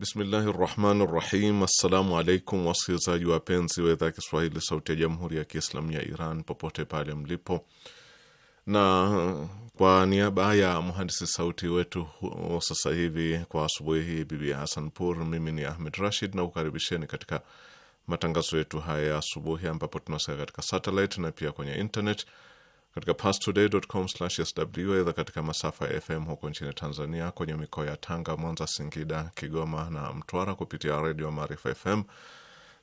Bismillahi rahmani rahim. Assalamu alaikum wasikilizaji wapenzi wa idhaa ya Kiswahili sauti ya jamhuri ya Kiislamu ya Iran popote pale mlipo, na kwa niaba ya mhandisi sauti wetu sasa hivi kwa asubuhi hii Bibi Hasan Pur, mimi ni Ahmed Rashid na kukaribisheni katika matangazo yetu haya ya asubuhi, ambapo tunasikia katika satellite na pia kwenye internet katika pastoday.com/sw, aidha katika masafa ya FM huko nchini Tanzania, kwenye mikoa ya Tanga, Mwanza, Singida, Kigoma na Mtwara kupitia redio Maarifa FM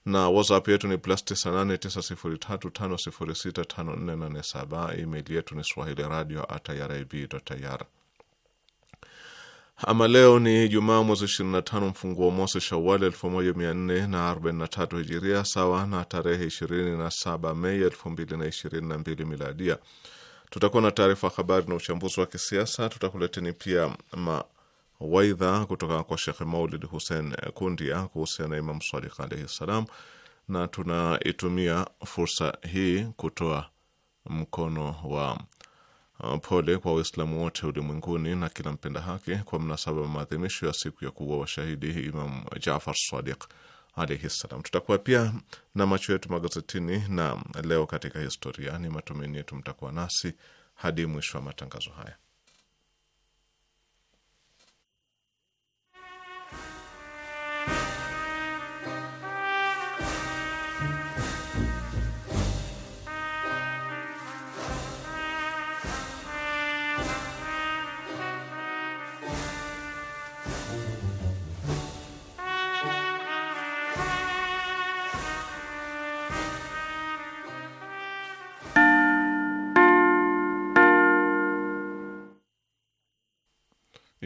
na WhatsApp yetu ni plus 989035065487. Email yetu ni swahili radio at irib.ir. Ama leo ni Jumaa, mwezi 25 mfunguo mosi Shawali 1443 Hijiria, sawa na tarehe 27 Mei 2022 Miladia. Tutakuwa na taarifa habari na uchambuzi wa kisiasa. Tutakuleteni pia mawaidha kutoka kwa shekhe Maulid Hussein Kundia kuhusiana na Imam Sadiq alaihi ssalam, na tunaitumia fursa hii kutoa mkono wa Ah, pole kwa Waislamu wote ulimwenguni na kila mpenda haki kwa mnasaba wa maadhimisho ya siku ya kuwa washahidi Imam Jafar Sadiq alaihi ssalam. Tutakuwa pia na macho yetu magazetini na leo katika historia. Ni matumaini yetu mtakuwa nasi hadi mwisho wa matangazo haya.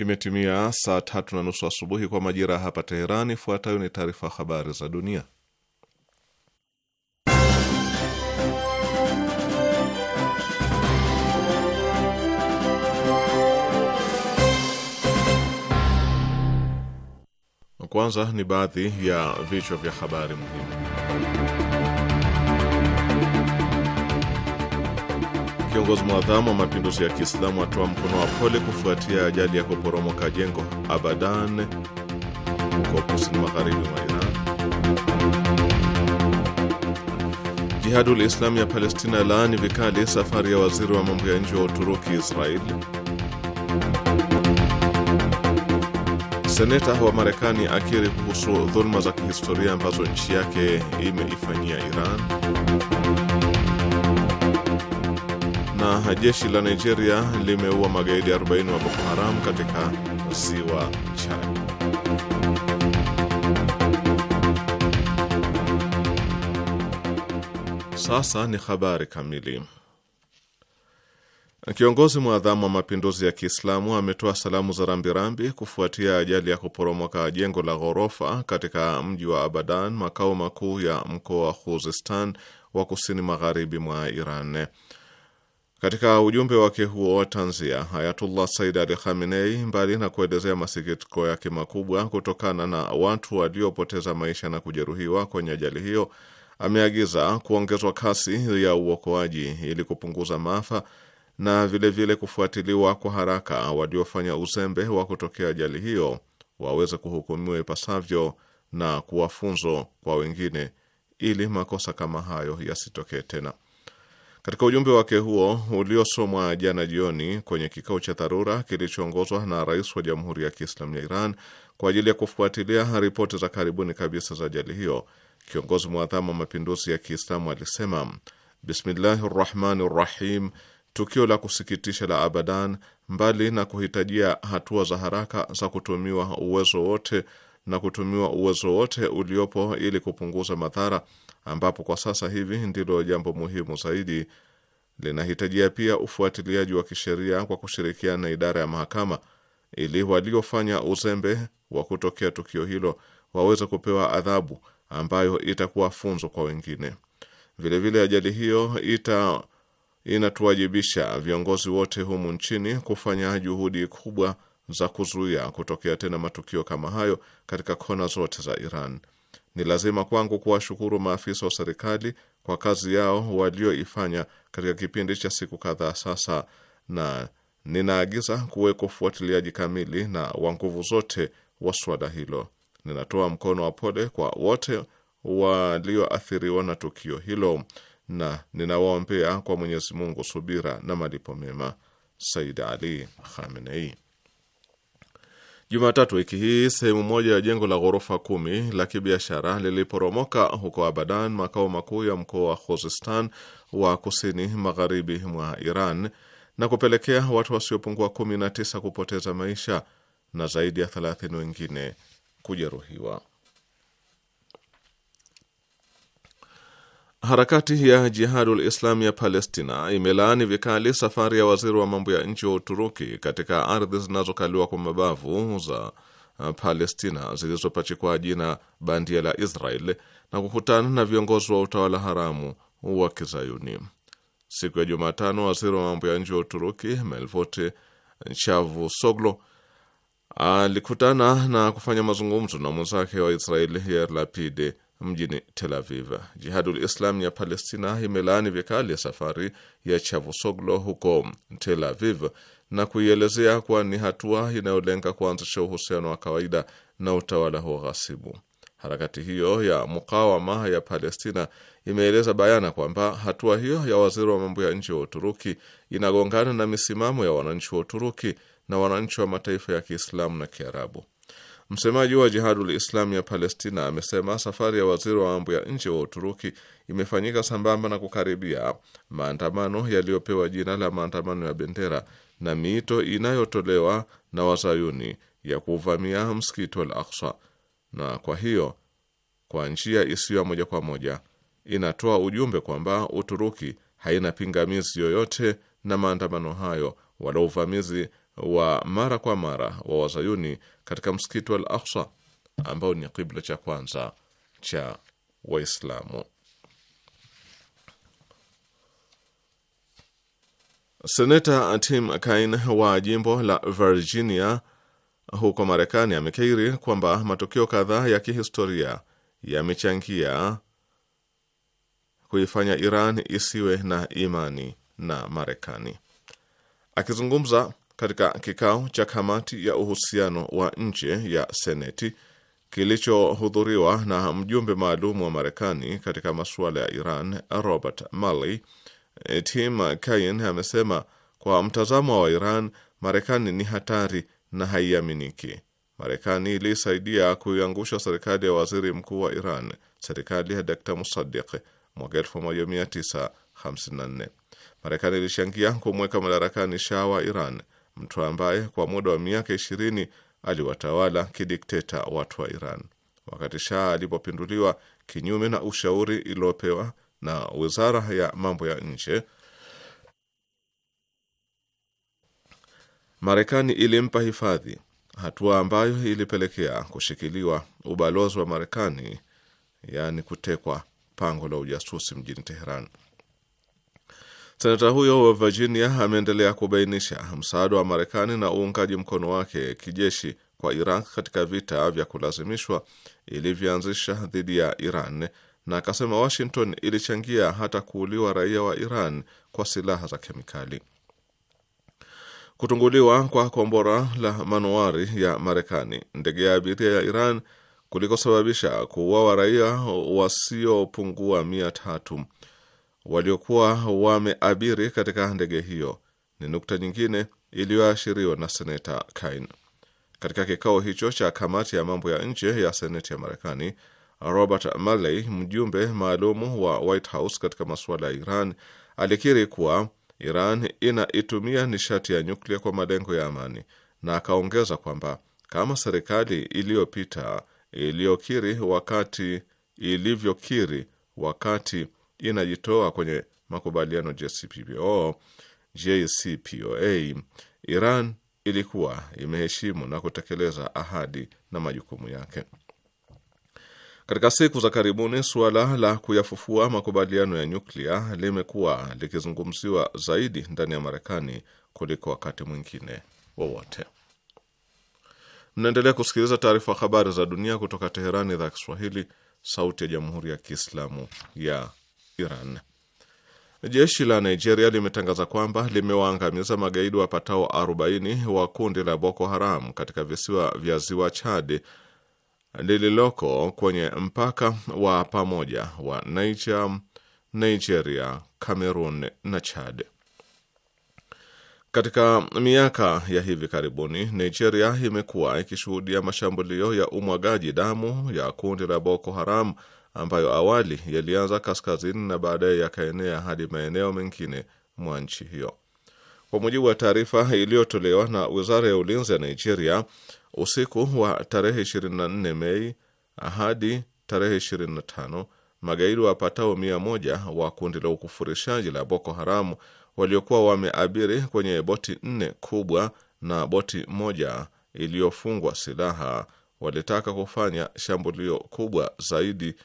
Imetimia saa tatu na nusu asubuhi kwa majira ya hapa Teherani. Ifuatayo ni taarifa habari za dunia. Kwanza ni baadhi ya vichwa vya habari muhimu. Kiongozi mwadhamu wa mapinduzi ya Kiislamu atoa mkono wa pole kufuatia ajali ya kuporomoka jengo Abadan huko kusini magharibi mwa Iran. Jihadul islamu ya Palestina laani vikali safari ya waziri wa mambo ya nje wa Uturuki israel Seneta wa Marekani akiri kuhusu dhuluma za kihistoria ambazo nchi yake imeifanyia Iran na jeshi la Nigeria limeua magaidi 40 wa Boko Haram katika ziwa Chad. Sasa ni habari kamili. Kiongozi mwadhamu wa mapinduzi ya Kiislamu ametoa salamu za rambirambi kufuatia ajali ya kuporomoka jengo la ghorofa katika mji wa Abadan, makao makuu ya mkoa wa Khuzestan wa kusini magharibi mwa Iran. Katika ujumbe wake huo wa tanzia, Ayatullah Said Ali Khamenei, mbali na kuelezea masikitiko yake makubwa kutokana na watu waliopoteza maisha na kujeruhiwa kwenye ajali hiyo, ameagiza kuongezwa kasi ya uokoaji ili kupunguza maafa na vilevile vile kufuatiliwa kwa haraka waliofanya uzembe wa kutokea ajali hiyo waweze kuhukumiwa ipasavyo na kuwafunzo kwa wengine ili makosa kama hayo yasitokee tena. Katika ujumbe wake huo uliosomwa jana jioni kwenye kikao cha dharura kilichoongozwa na rais wa Jamhuri ya Kiislamu ya Iran kwa ajili ya kufuatilia ripoti za karibuni kabisa za ajali hiyo, kiongozi mwadhamu wa mapinduzi ya Kiislamu alisema, bismillahi rahmani rahim, tukio la kusikitisha la Abadan, mbali na kuhitajia hatua za haraka za kutumiwa uwezo wote na kutumiwa uwezo wote uliopo ili kupunguza madhara ambapo kwa sasa hivi ndilo jambo muhimu zaidi, linahitajia pia ufuatiliaji wa kisheria kwa kushirikiana na idara ya mahakama ili waliofanya uzembe wa kutokea tukio hilo waweze kupewa adhabu ambayo itakuwa funzo kwa wengine. Vilevile, ajali hiyo ita inatuwajibisha viongozi wote humu nchini kufanya juhudi kubwa za kuzuia kutokea tena matukio kama hayo katika kona zote za Iran. Ni lazima kwangu kuwashukuru maafisa wa serikali kwa kazi yao walioifanya katika kipindi cha siku kadhaa sasa, na ninaagiza kuweko ufuatiliaji kamili na wa nguvu zote wa suala hilo. Ninatoa mkono wa pole kwa wote walioathiriwa na tukio hilo na ninawaombea kwa Mwenyezi Mungu subira na malipo mema. Said Ali Khamenei. Jumatatu wiki hii sehemu moja ya jengo la ghorofa kumi la kibiashara liliporomoka huko Abadan, makao makuu ya mkoa wa Khuzestan wa kusini magharibi mwa Iran, na kupelekea watu wasiopungua tisa kupoteza maisha na zaidi ya thelathini wengine kujeruhiwa. Harakati ya Jihadul islami ya Palestina imelaani vikali safari ya waziri wa mambo ya nchi wa Uturuki katika ardhi zinazokaliwa kwa mabavu za uh, Palestina zilizopachikwa jina bandia la Israel na kukutana na viongozi wa utawala haramu wa Kizayuni. Siku ya Jumatano, waziri wa mambo ya nje wa Uturuki Melvot Chavusoglu alikutana na kufanya mazungumzo na mwenzake wa Israeli Yair Lapid mjini Tel Aviv. Jihadul Islam ya Palestina imelaani vikali ya safari ya Chavusoglo huko Tel Aviv na kuielezea kuwa ni hatua inayolenga kuanzisha uhusiano wa kawaida na utawala huo ghasibu. Harakati hiyo ya mukawama ya Palestina imeeleza bayana kwamba hatua hiyo ya waziri wa mambo ya nje wa Uturuki inagongana na misimamo ya wananchi wa Uturuki na wananchi wa mataifa ya Kiislamu na Kiarabu. Msemaji wa Jihadul Islam ya Palestina amesema safari ya waziri wa mambo ya nje wa Uturuki imefanyika sambamba na kukaribia maandamano yaliyopewa jina la maandamano ya bendera na miito inayotolewa na wazayuni ya kuvamia msikiti Al Aksa, na kwa hiyo kwa njia isiyo moja kwa moja inatoa ujumbe kwamba Uturuki haina pingamizi yoyote na maandamano hayo wala uvamizi wa mara kwa mara wa wazayuni katika msikiti wa Al Aksa ambao ni kibla cha kwanza cha Waislamu. Seneta Tim Kaine wa jimbo la Virginia huko Marekani amekiri kwamba matukio kadhaa ya kihistoria yamechangia kuifanya Iran isiwe na imani na Marekani. Akizungumza katika kikao cha kamati ya uhusiano wa nje ya Seneti kilichohudhuriwa na mjumbe maalum wa Marekani katika masuala ya Iran Robert Malley, eh, Tim Kaine amesema kwa mtazamo wa Iran, Marekani ni hatari na haiaminiki. Marekani ilisaidia kuiangusha serikali ya waziri mkuu wa Iran, serikali ya Dkt Musadiq mwaka 1954. Marekani ilishangia kumweka madarakani Shah wa Iran mtu ambaye kwa muda wa miaka ishirini aliwatawala kidikteta watu wa Iran. Wakati Shah alipopinduliwa kinyume na ushauri iliopewa na wizara ya mambo ya nje, Marekani ilimpa hifadhi, hatua ambayo ilipelekea kushikiliwa ubalozi wa Marekani, yaani kutekwa pango la ujasusi mjini Teheran. Senata huyo wa Virginia ameendelea kubainisha msaada wa Marekani na uungaji mkono wake kijeshi kwa Iraq katika vita vya kulazimishwa ilivyoanzisha dhidi ya Iran na akasema Washington ilichangia hata kuuliwa raia wa Iran kwa silaha za kemikali. Kutunguliwa kwa kombora la manuari ya Marekani ndege ya abiria ya Iran kulikosababisha kuuawa raia wasiopungua mia tatu waliokuwa wameabiri katika ndege hiyo ni nukta nyingine iliyoashiriwa na seneta Kaine katika kikao hicho cha kamati ya mambo ya nje ya seneti ya Marekani. Robert Malley, mjumbe maalumu wa White House katika masuala ya Iran, alikiri kuwa Iran inaitumia nishati ya nyuklia kwa malengo ya amani, na akaongeza kwamba kama serikali iliyopita iliyokiri wakati ilivyokiri wakati inajitoa kwenye makubaliano JCPO, JCPOA, Iran ilikuwa imeheshimu na kutekeleza ahadi na majukumu yake. Katika siku za karibuni suala la kuyafufua makubaliano ya nyuklia limekuwa likizungumziwa zaidi ndani ya Marekani kuliko wakati mwingine wowote. Mnaendelea kusikiliza taarifa habari za dunia kutoka Teherani, idhaa ya Kiswahili, sauti ya jamhuri ya kiislamu ya Iran. Jeshi la Nigeria limetangaza kwamba limewaangamiza magaidi wapatao 40 wa kundi la Boko Haram katika visiwa vya ziwa Chad lililoko kwenye mpaka wa pamoja wa Niger, Nigeria, Cameroon na Chad. Katika miaka ya hivi karibuni Nigeria imekuwa ikishuhudia mashambulio ya umwagaji damu ya kundi la Boko Haram ambayo awali yalianza kaskazini na baadaye yakaenea hadi maeneo mengine mwa nchi hiyo. Kwa mujibu wa taarifa iliyotolewa na wizara ya ulinzi ya Nigeria usiku wa tarehe 24 Mei hadi tarehe 25, magaidi wapatao mia moja wa kundi la ukufurishaji la Boko Haramu waliokuwa wameabiri kwenye boti nne kubwa na boti moja iliyofungwa silaha walitaka kufanya shambulio kubwa zaidi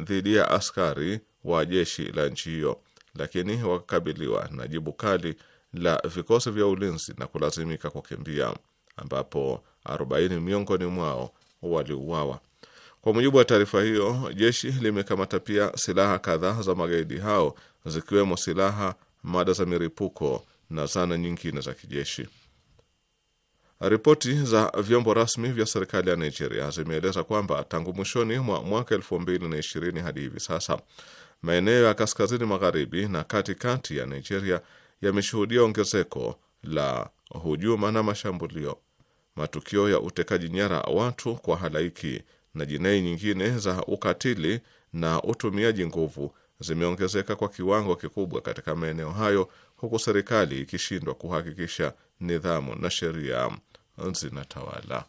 dhidi ya askari wa jeshi la nchi hiyo, lakini wakakabiliwa na jibu kali la vikosi vya ulinzi na kulazimika kukimbia, ambapo 40 miongoni mwao waliuawa. Kwa mujibu wa taarifa hiyo, jeshi limekamata pia silaha kadhaa za magaidi hao, zikiwemo silaha, mada za miripuko na zana nyingine za kijeshi. Ripoti za vyombo rasmi vya serikali ya Nigeria zimeeleza kwamba tangu mwishoni mwa mwaka ishirini hadi hivi sasa maeneo ya kaskazini magharibi na katikati ya Nigeria yameshuhudia ongezeko la hujuma na mashambulio, matukio ya utekaji nyara watu kwa halaiki na jinai nyingine za ukatili na utumiaji nguvu zimeongezeka kwa kiwango kikubwa katika maeneo hayo, huku serikali ikishindwa kuhakikisha nidhamu na sheria zinatawala.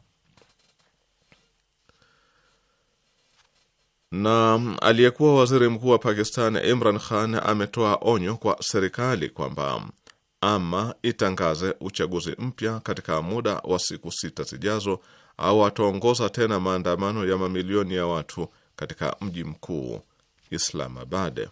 Na aliyekuwa waziri mkuu wa Pakistan Imran Khan ametoa onyo kwa serikali kwamba ama itangaze uchaguzi mpya katika muda wa siku sita zijazo au ataongoza tena maandamano ya mamilioni ya watu katika mji mkuu Islamabad.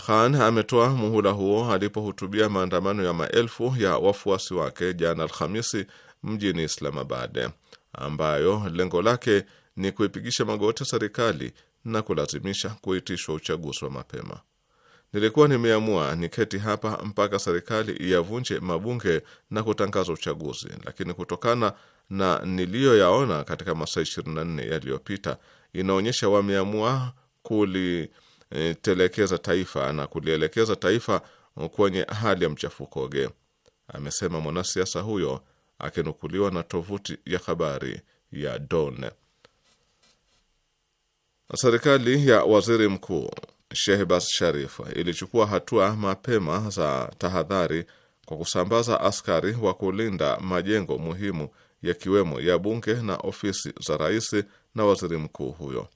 Khan ametoa muhula huo alipohutubia maandamano ya maelfu ya wafuasi wake jana Alhamisi mjini Islamabad, ambayo lengo lake ni kuipigisha magoti serikali na kulazimisha kuitishwa uchaguzi wa mapema. Nilikuwa nimeamua niketi hapa mpaka serikali iyavunje mabunge na kutangaza uchaguzi, lakini kutokana na niliyoyaona katika masaa 24 yaliyopita inaonyesha wameamua kuli E, telekeza taifa na kulielekeza taifa kwenye hali ya mchafukoge, amesema mwanasiasa huyo akinukuliwa na tovuti ya habari ya Don. Serikali ya waziri mkuu Shehbaz Sharif ilichukua hatua mapema za tahadhari kwa kusambaza askari wa kulinda majengo muhimu yakiwemo ya bunge na ofisi za rais na waziri mkuu huyo.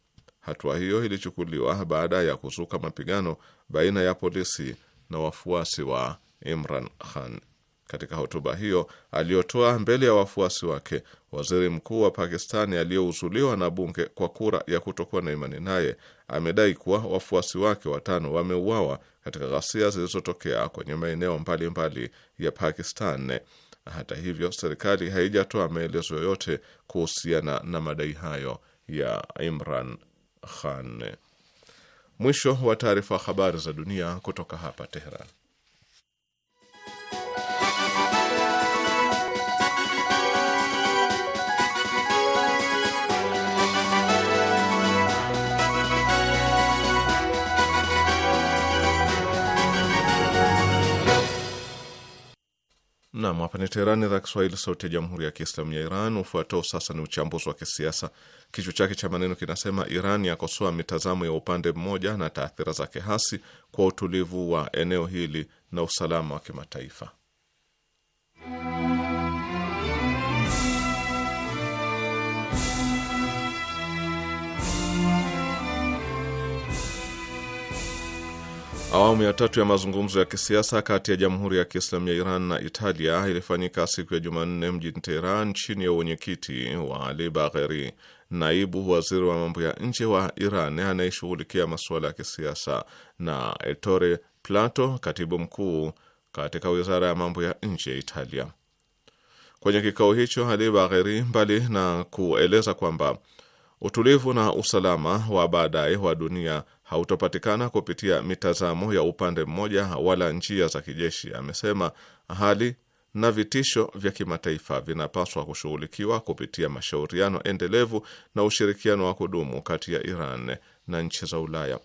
Hatua hiyo ilichukuliwa baada ya kuzuka mapigano baina ya polisi na wafuasi wa Imran Khan. Katika hotuba hiyo aliyotoa mbele ya wafuasi wake, waziri mkuu wa Pakistani aliyeuzuliwa na bunge kwa kura ya kutokuwa na imani naye amedai kuwa wafuasi wake watano wameuawa katika ghasia zilizotokea kwenye maeneo mbalimbali ya Pakistan. Hata hivyo, serikali haijatoa maelezo yoyote kuhusiana na madai hayo ya Imran Khan. Mwisho wa taarifa. Habari za dunia kutoka hapa Teheran. Nam, hapa ni Teherani, idhaa Kiswahili, sauti ya jamhuri ya kiislamu ya Iran. Ufuatao sasa ni uchambuzi wa kisiasa, kichwa chake cha maneno kinasema: Iran yakosoa mitazamo ya upande mmoja na taathira zake hasi kwa utulivu wa eneo hili na usalama wa kimataifa. Awamu ya tatu ya mazungumzo ya kisiasa kati ya Jamhuri ya Kiislamu ya Iran na Italia ilifanyika siku ya Jumanne mjini Teheran chini ya uwenyekiti wa Ali Bagheri, naibu waziri wa mambo ya nje wa Iran anayeshughulikia masuala ya kisiasa, na Ettore Plato, katibu mkuu katika wizara ya mambo ya nje ya Italia. Kwenye kikao hicho, Ali Bagheri, mbali na kueleza kwamba utulivu na usalama wa baadaye wa dunia hautopatikana kupitia mitazamo ya upande mmoja wala njia za kijeshi. Amesema hali na vitisho vya kimataifa vinapaswa kushughulikiwa kupitia mashauriano endelevu na ushirikiano wa kudumu kati ya Iran na nchi za Ulaya.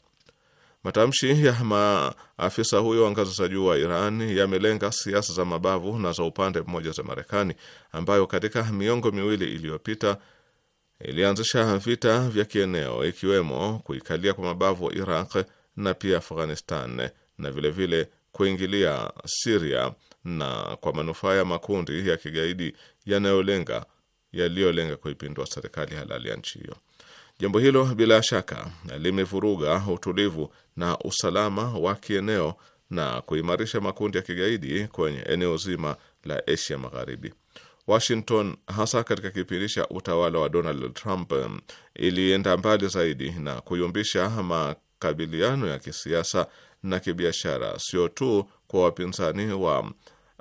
Matamshi ya maafisa huyo wa ngazi za juu wa Iran yamelenga siasa za mabavu na za upande mmoja za Marekani, ambayo katika miongo miwili iliyopita ilianzisha vita vya kieneo ikiwemo kuikalia kwa mabavu Iraq na pia Afghanistan na vilevile vile kuingilia Siria na kwa manufaa ya makundi ya kigaidi yanayolenga yaliyolenga kuipindua serikali halali ya nchi hiyo. Jambo hilo bila shaka limevuruga utulivu na usalama wa kieneo na kuimarisha makundi ya kigaidi kwenye eneo zima la Asia Magharibi. Washington, hasa katika kipindi cha utawala wa Donald Trump, ilienda mbali zaidi na kuyumbisha makabiliano ya kisiasa na kibiashara, sio tu kwa wapinzani wa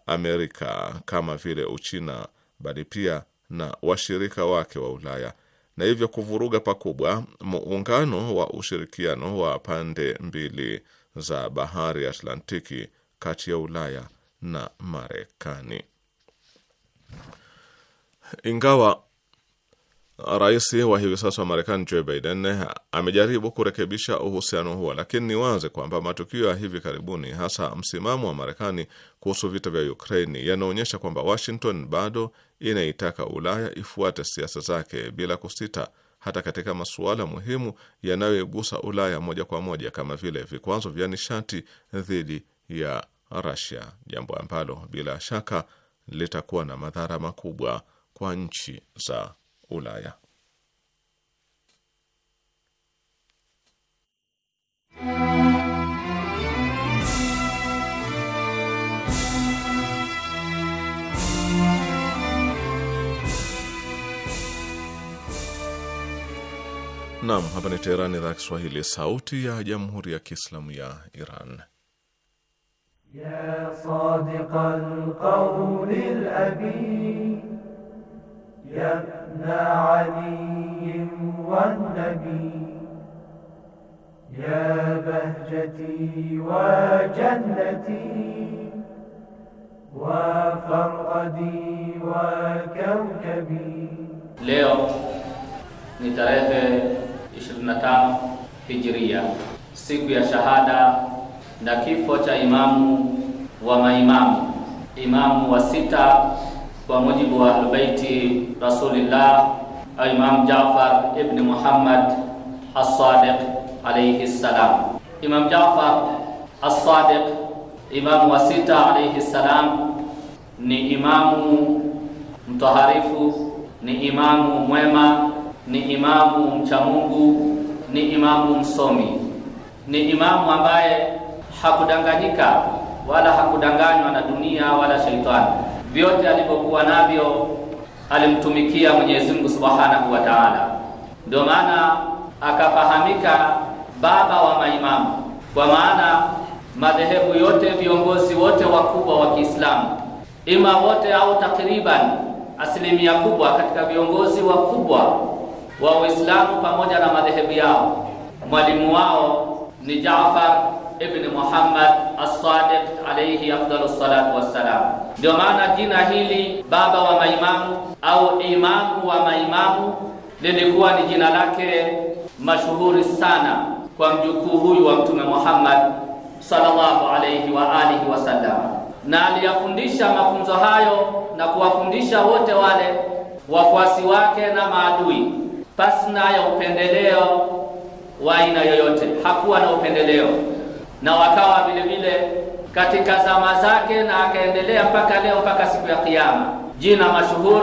Amerika kama vile Uchina, bali pia na washirika wake wa Ulaya na hivyo kuvuruga pakubwa muungano wa ushirikiano wa pande mbili za bahari Atlantiki kati ya Ulaya na Marekani. Ingawa rais wa hivi sasa wa Marekani Joe Biden amejaribu kurekebisha uhusiano huo, lakini ni wazi kwamba matukio ya hivi karibuni, hasa msimamo wa Marekani kuhusu vita vya Ukraini, yanaonyesha kwamba Washington bado inaitaka Ulaya ifuate siasa zake bila kusita, hata katika masuala muhimu yanayoigusa Ulaya moja kwa moja kama vile vikwazo vya nishati dhidi ya Russia, jambo ambalo bila shaka litakuwa na madhara makubwa kwa nchi za Ulaya. Naam, hapa ni Teherani, idhaa ya Kiswahili, sauti ya jamhuri ya kiislamu ya Iran. يا صادق القول الأبي يا ابن علي والنبي يا بهجتي وجنتي وفرقدي وكوكبي اليوم ni tarehe 25 Hijria, siku ya shahada na kifo cha imamu wa maimamu, imamu wa sita kwa mujibu wa Ahlubaiti Rasulillah au Imam Jafar ibn Muhammad as alayhi salam. Imam Jafar as imamu wa sita alayhi salam, ni imamu mtoharifu, ni imamu mwema, ni imamu mchamungu, ni imamu msomi, ni imamu ambaye hakudanganyika wala hakudanganywa na dunia wala shaitani. Vyote alivyokuwa navyo alimtumikia Mwenyezi Mungu Subhanahu wa Ta'ala, ndio maana akafahamika baba wa maimamu, kwa maana madhehebu yote, viongozi wote wakubwa wa Kiislamu, ima wote au takriban asilimia kubwa katika viongozi wakubwa wa Uislamu pamoja na madhehebu yao, mwalimu wao ni Jaafar ibn Muhammad as-Sadiq alayhi afdalu salatu wassalam. Ndio maana jina hili baba wa maimamu au imamu wa maimamu lilikuwa ni jina lake mashuhuri sana kwa mjukuu huyu wa Mtume Muhammad sallallahu alayhi wa alihi wasallam, na aliyafundisha mafunzo hayo na kuwafundisha wote wale wafuasi wake na maadui na ya upendeleo wa aina yoyote. Hakuwa na upendeleo na wakawa vile vile katika zama zake, na akaendelea mpaka leo, mpaka siku ya Kiyama. Jina mashuhur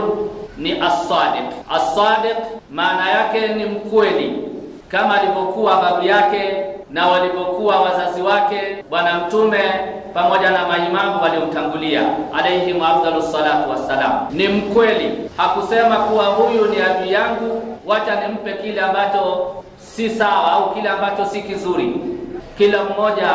ni As-Sadiq. As-Sadiq maana yake ni mkweli, kama alivyokuwa babu yake na walivyokuwa wazazi wake Bwana Mtume pamoja na maimamu waliomtangulia alayhim afdalus salatu wassalam. Ni mkweli, hakusema kuwa huyu ni adui yangu, wacha nimpe kile ambacho si sawa au kile ambacho si kizuri kila mmoja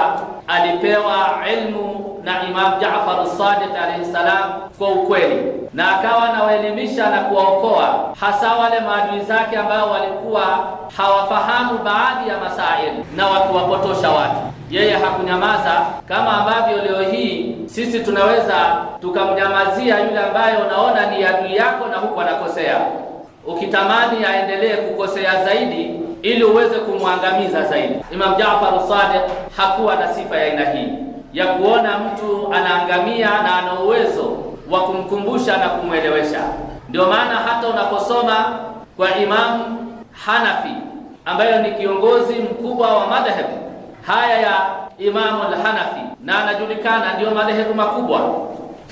alipewa ilmu na Imam Jaafar as-Sadiq alayhi salam kwa ukweli, na akawa anawaelimisha na kuwaokoa hasa wale maadui zake ambao walikuwa hawafahamu baadhi ya masaili na wakiwapotosha watu yeye hakunyamaza kama ambavyo leo hii sisi tunaweza tukamnyamazia yule ambaye unaona ni adui yako na huku anakosea. Ukitamani aendelee kukosea zaidi, ili uweze kumwangamiza zaidi. Imam Jaafar Sadiq hakuwa na sifa ya aina hii ya kuona mtu anaangamia na ana uwezo wa kumkumbusha na kumwelewesha. Ndio maana hata unaposoma kwa Imam Hanafi ambayo ni kiongozi mkubwa wa madhehebu haya ya Imamu al-Hanafi na anajulikana, ndiyo madhehebu makubwa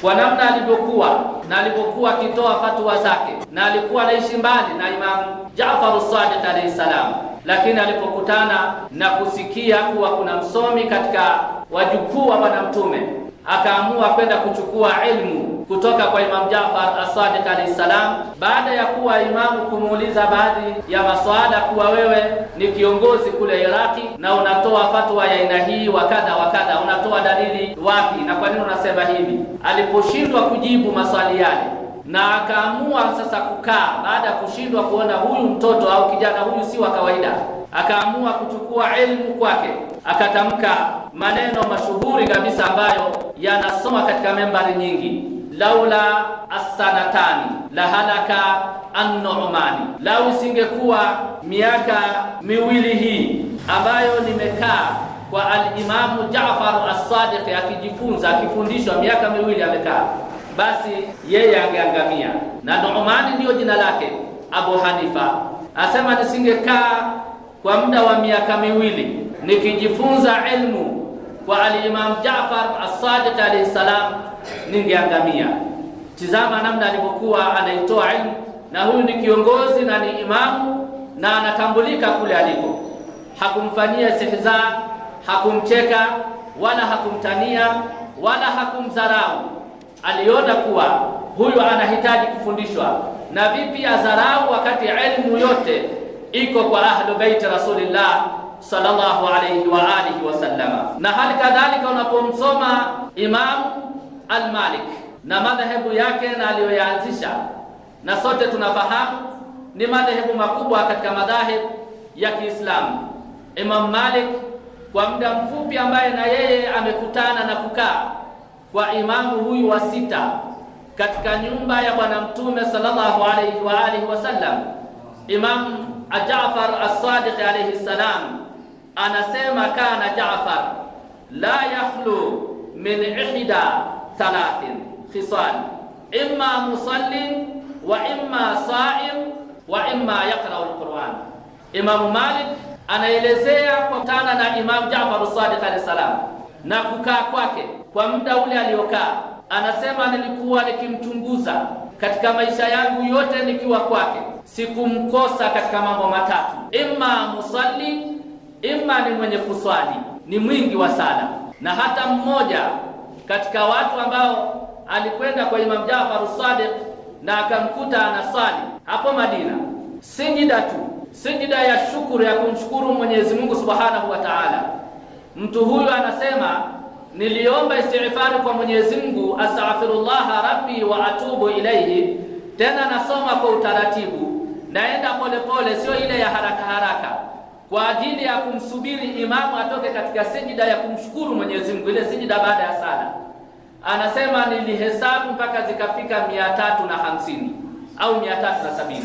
kwa namna alivyokuwa na alivyokuwa akitoa fatwa zake, na alikuwa anaishi mbali na Imamu Jafaru Sadiq alayhi salam, lakini alipokutana na kusikia kuwa kuna msomi katika wajukuu wa Bwana Mtume akaamua kwenda kuchukua ilmu kutoka kwa Imam jafar as-Sadiq alayhi baada ya kuwa imamu kumuuliza baadhi ya maswala kuwa wewe ni kiongozi kule iraqi na unatoa fatwa ya aina hii wa kadha wa kadha, unatoa dalili wapi na kwa nini unasema hivi? Aliposhindwa kujibu maswali yale, na akaamua sasa kukaa, baada ya kushindwa kuona huyu mtoto au kijana huyu si wa kawaida akaamua kuchukua elimu kwake, akatamka maneno mashuhuri kabisa ambayo yanasoma katika membari nyingi, laula assanatani la halaka an lau isingekuwa miaka miwili hii ambayo nimekaa kwa alimamu Jaafar as-Sadiq akijifunza akifundishwa miaka miwili amekaa, basi yeye angeangamia. Na Nu'mani ndiyo jina lake. Abu Hanifa asema nisingekaa kwa muda wa miaka miwili nikijifunza ilmu kwa alimamu jafar Jaafar as-Sadiq alayhi salam ningeangamia. Tizama namna alivyokuwa anaitoa ilmu, na huyu ni kiongozi na ni imamu na anatambulika kule aliko. Hakumfanyia sihza, hakumcheka wala hakumtania wala hakumdharau. Aliona kuwa huyu anahitaji kufundishwa, na vipi adharau wakati ilmu yote iko kwa ahlu baiti rasulillah sallallahu alayhi wa alihi sallama. na hali kadhalika unapomsoma Imam al-Malik na madhehebu yake na aliyoyaanzisha, na sote tunafahamu ni madhehebu makubwa katika madhehebu ya Kiislamu. Imam Malik kwa muda mfupi ambaye na yeye amekutana na kukaa kwa imamu huyu wa sita katika nyumba ya Bwana Mtume sallallahu alayhi wa alihi wasallam, Imam Jaafar as-Sadiq alayhi salam anasema kana Jaafar la yakhlu min ihda thalathin khisal imma musallin wa imma sa'im wa imma yaqra'u al-Qur'an. Imam Malik anaelezea kutana na Imam Jaafar as-Sadiq alayhi salam na kukaa kwake kwa muda ule aliokaa, anasema nilikuwa nikimchunguza katika maisha yangu yote nikiwa kwake, sikumkosa katika mambo matatu: imma musalli, imma ni mwenye kuswali, ni mwingi wa sala. Na hata mmoja katika watu ambao alikwenda kwa Imam Jafar Sadiq na akamkuta anaswali hapo Madina, sijida tu, sijida ya shukuru ya kumshukuru Mwenyezi Mungu Subhanahu wa Ta'ala. Mtu huyu anasema niliomba istighfar kwa Mwenyezi Mungu, astaghfirullah rabbi wa atubu ilaihi. Tena nasoma kwa utaratibu, naenda polepole, sio ile ya haraka haraka, kwa ajili ya kumsubiri imamu atoke katika sijida ya kumshukuru Mwenyezi Mungu, ile sijida baada ya sala. Anasema nilihesabu mpaka zikafika mia tatu na hamsini au mia tatu na sabini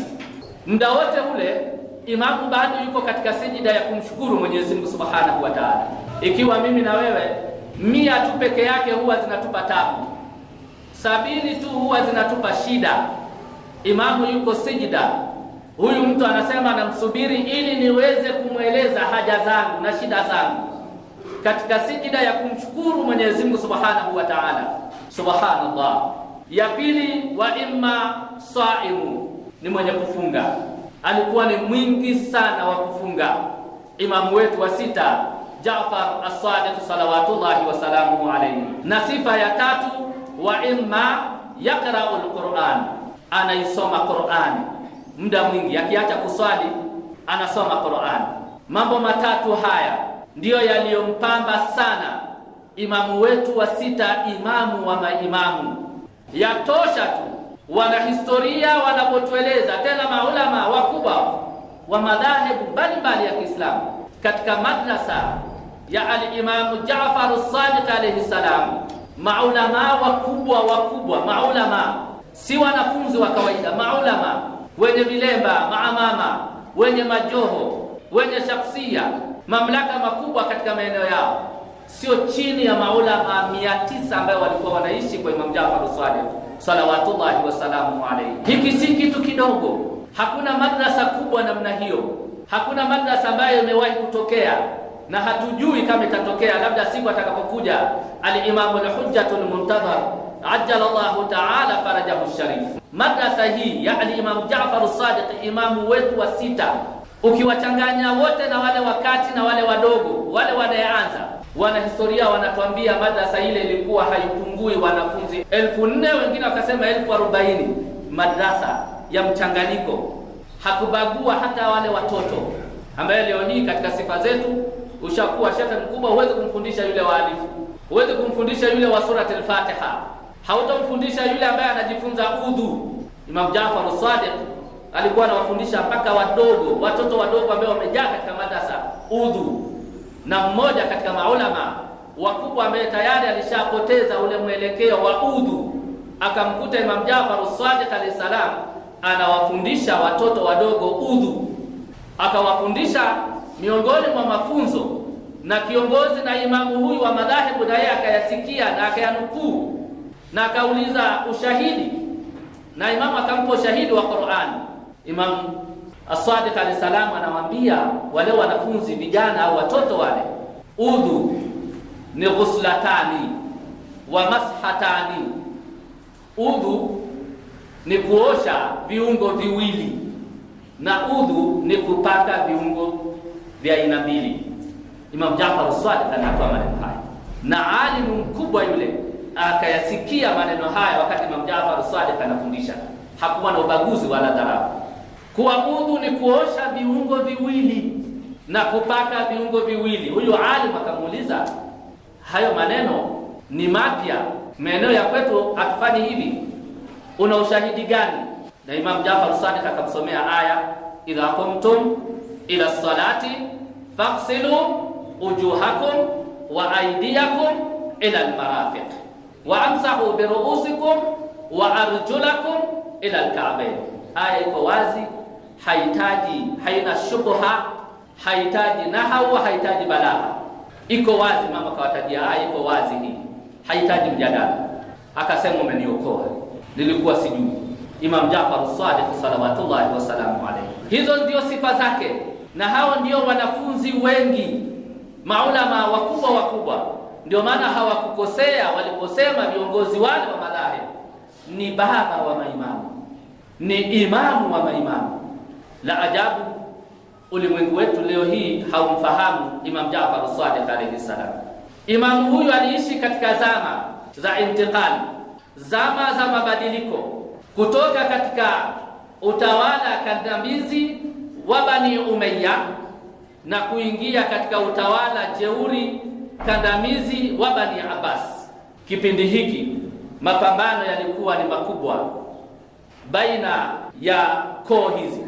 muda wote ule imamu bado yuko katika sijida ya kumshukuru Mwenyezi Mungu subhanahu wa taala, ikiwa mimi na wewe mia tu peke yake huwa zinatupa tabu, sabini tu huwa zinatupa shida. Imamu yuko sijida, huyu mtu anasema namsubiri ili niweze kumweleza haja zangu na shida zangu katika sijida ya kumshukuru Mwenyezi Mungu Subhanahu wa Ta'ala. Subhanallah. Ya pili, wa imma saimu, ni mwenye kufunga. Alikuwa ni mwingi sana wa kufunga, imamu wetu wa sita jafar As-Sadiq salawatullahi wasalamuhu alayhi. Na sifa ya tatu, wa imma yaqra'u al-Qur'an, anaisoma Qur'an muda mwingi, akiacha kuswali anasoma Qur'an. Mambo matatu haya ndiyo yaliyompamba sana imamu wetu wa sita, imamu wa maimamu. Yatosha tu wanahistoria wanapotueleza, tena maulama wakubwa wa madhahebu mbalimbali ya Kiislamu katika madrasa ya alimamu Jaafar Sadiq alayhi salam, maulamaa wakubwa wakubwa, maulamaa si wanafunzi wa kawaida, maulama wenye vilemba, maamama wenye majoho, wenye shaksia, mamlaka makubwa katika maeneo yao, sio chini ya maulama mia tisa ambayo walikuwa wanaishi kwa Imam jafar Sadiq salawatullahi wasalamu alayhi. Hiki si kitu kidogo, hakuna madrasa kubwa namna hiyo Hakuna madrasa ambayo imewahi kutokea na hatujui kama itatokea, labda siku atakapokuja al-Imamu al-Hujjatul Muntadhar ajjala Allahu ta'ala farajahu sharif. Madrasa hii ya al-Imamu Jaafar sadiq imamu wetu wa sita, ukiwachanganya wote na wale wakati na wale wadogo, wale wanayeanza wanahistoria wanatuambia madrasa ile ilikuwa haipungui wanafunzi elfu nne wengine wakasema elfu arobaini madrasa ya mchanganyiko hakubagua hata wale watoto, ambaye leo hii katika sifa zetu ushakuwa shekhe mkubwa, huwezi kumfundisha yule waalifu, huwezi kumfundisha yule wa surati al-Fatiha, hautamfundisha yule ambaye anajifunza udhu. Imam jafar as-Sadiq alikuwa anawafundisha mpaka wadogo, watoto wadogo ambao wamejaa katika madrasa udhu, na mmoja katika maulama wakubwa ambaye tayari alishapoteza ule mwelekeo wa udhu, akamkuta Imam jafar as-Sadiq alayhi salam anawafundisha watoto wadogo udhu, akawafundisha miongoni mwa mafunzo, na kiongozi na imamu huyu wa madhahibu na yeye akayasikia na akayanukuu na akauliza ushahidi, na imamu akampa ushahidi wa Qur'ani. Imamu As-Sadiq alayhi salam anawaambia wale wanafunzi vijana au watoto wale, udhu ni ghuslatani wa mashatani, udhu ni kuosha viungo viwili na udhu ni kupaka viungo vya aina mbili. Imam Jaafar Sadiq anatoa maneno haya, na alimu mkubwa yule akayasikia maneno haya wakati Imam Jaafar Sadiq anafundisha. Hakuwa na ubaguzi wala dharau. udhu ni kuosha viungo viwili na kupaka viungo viwili. Huyu alimu akamuuliza, hayo maneno ni mapya, maeneo ya kwetu hatufanyi hivi una ushahidi gani? Na Imam Jafar Sadiq akamsomea aya idha qumtum ila salati faghsilu wujuhakum wa aydiyakum ila almarafiq wa amsahu bi ru'usikum wa arjulakum ila alka'bayn. Aya iko wazi, haitaji haina shubha, haitaji nahau, haitaji balagha, iko wazi. Mama kawatajia aya, iko wazi hii, haitaji mjadala. Akasema umeniokoa lilikuwa sijui. Imam Jafar Sadiq salawatullahi wasalamu alayhi. Hizo ndio sifa zake, na hao ndio wanafunzi wengi maulama wakubwa wakubwa. Ndio maana hawakukosea waliposema viongozi wale wa madhahe ni baba wa maimamu, ni imamu wa maimamu. La ajabu ulimwengu wetu leo hii haumfahamu Imam Jafar Sadiq alayhi salam. Imamu huyu aliishi katika zama za intiqali zama za mabadiliko kutoka katika utawala kandamizi wa Bani Umayya na kuingia katika utawala jeuri kandamizi wa Bani Abbas. Kipindi hiki mapambano yalikuwa ni makubwa baina ya koo hizi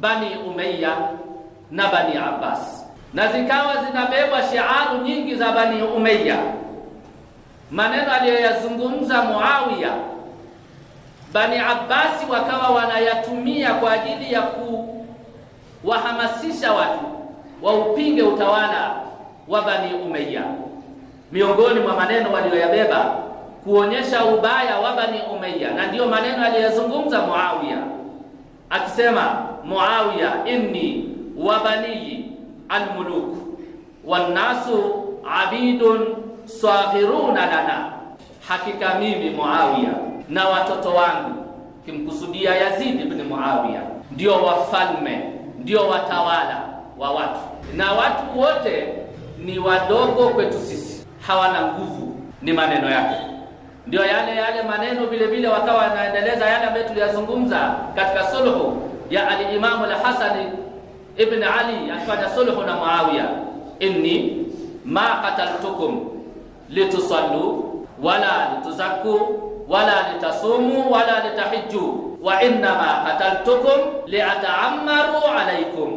Bani Umayya na Bani Abbas, na zikawa zinabebwa shiaru nyingi za Bani Umayya maneno aliyoyazungumza Muawiya, Bani Abbasi wakawa wanayatumia kwa ajili ya kuwahamasisha watu waupinge utawala wa Bani Umayya. Miongoni mwa maneno waliyoyabeba kuonyesha ubaya wa Bani Umayya, na ndiyo maneno aliyoyazungumza Muawiya akisema, Muawiya, inni wa banii almuluk wannasu abidun saghiruna lana, hakika mimi Muawiya na watoto wangu, kimkusudia Yazid ibn Muawiya, ndio wafalme, ndio watawala wa watu, na watu wote ni wadogo kwetu sisi, hawana nguvu. Ni maneno yake, ndio yale yale maneno vile vile wakawa wanaendeleza yale ambayo tuliyazungumza katika suluhu ya alimamu al-Hasan ibn Ali, akifanya sulhu na Muawiya, inni ma qataltukum litusallu wala lituzakku wala litasumu wala litahijju wa innama qataltukum liata'ammaru alaykum,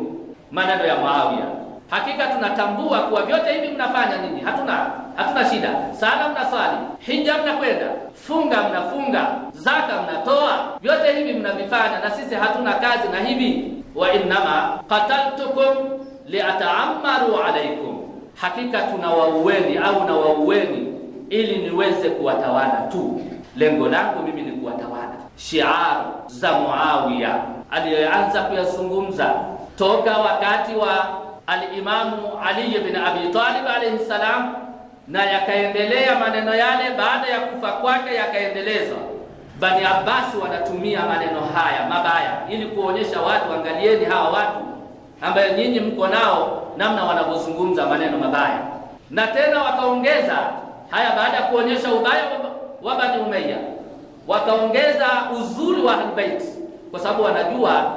maneno ya Muawiya. Hakika tunatambua kuwa vyote hivi mnafanya nini, hatuna hatuna shida. Sala mnasali, hija mnakwenda, funga mnafunga, zaka mnatoa, vyote hivi mnavifanya, na sisi hatuna kazi na hivi. Wa innama qataltukum liata'ammaru alaykum hakika tunawaueni au nawaueni ili niweze kuwatawala tu. Lengo langu mimi ni kuwatawala. Shiar za Muawiya aliyoanza kuyazungumza toka wakati wa Alimamu Ali bin Abi Talib alayhi salam, na yakaendelea maneno yale baada ya kufa kwake yakaendelezwa. Bani Abbasi wanatumia maneno haya mabaya ili kuonyesha watu, angalieni hawa watu ambayo nyinyi mko nao, namna wanavyozungumza maneno mabaya. Na tena wakaongeza haya, baada ya kuonyesha ubaya wa Bani Umayya, wakaongeza uzuri wa Ahlulbeit, kwa sababu wanajua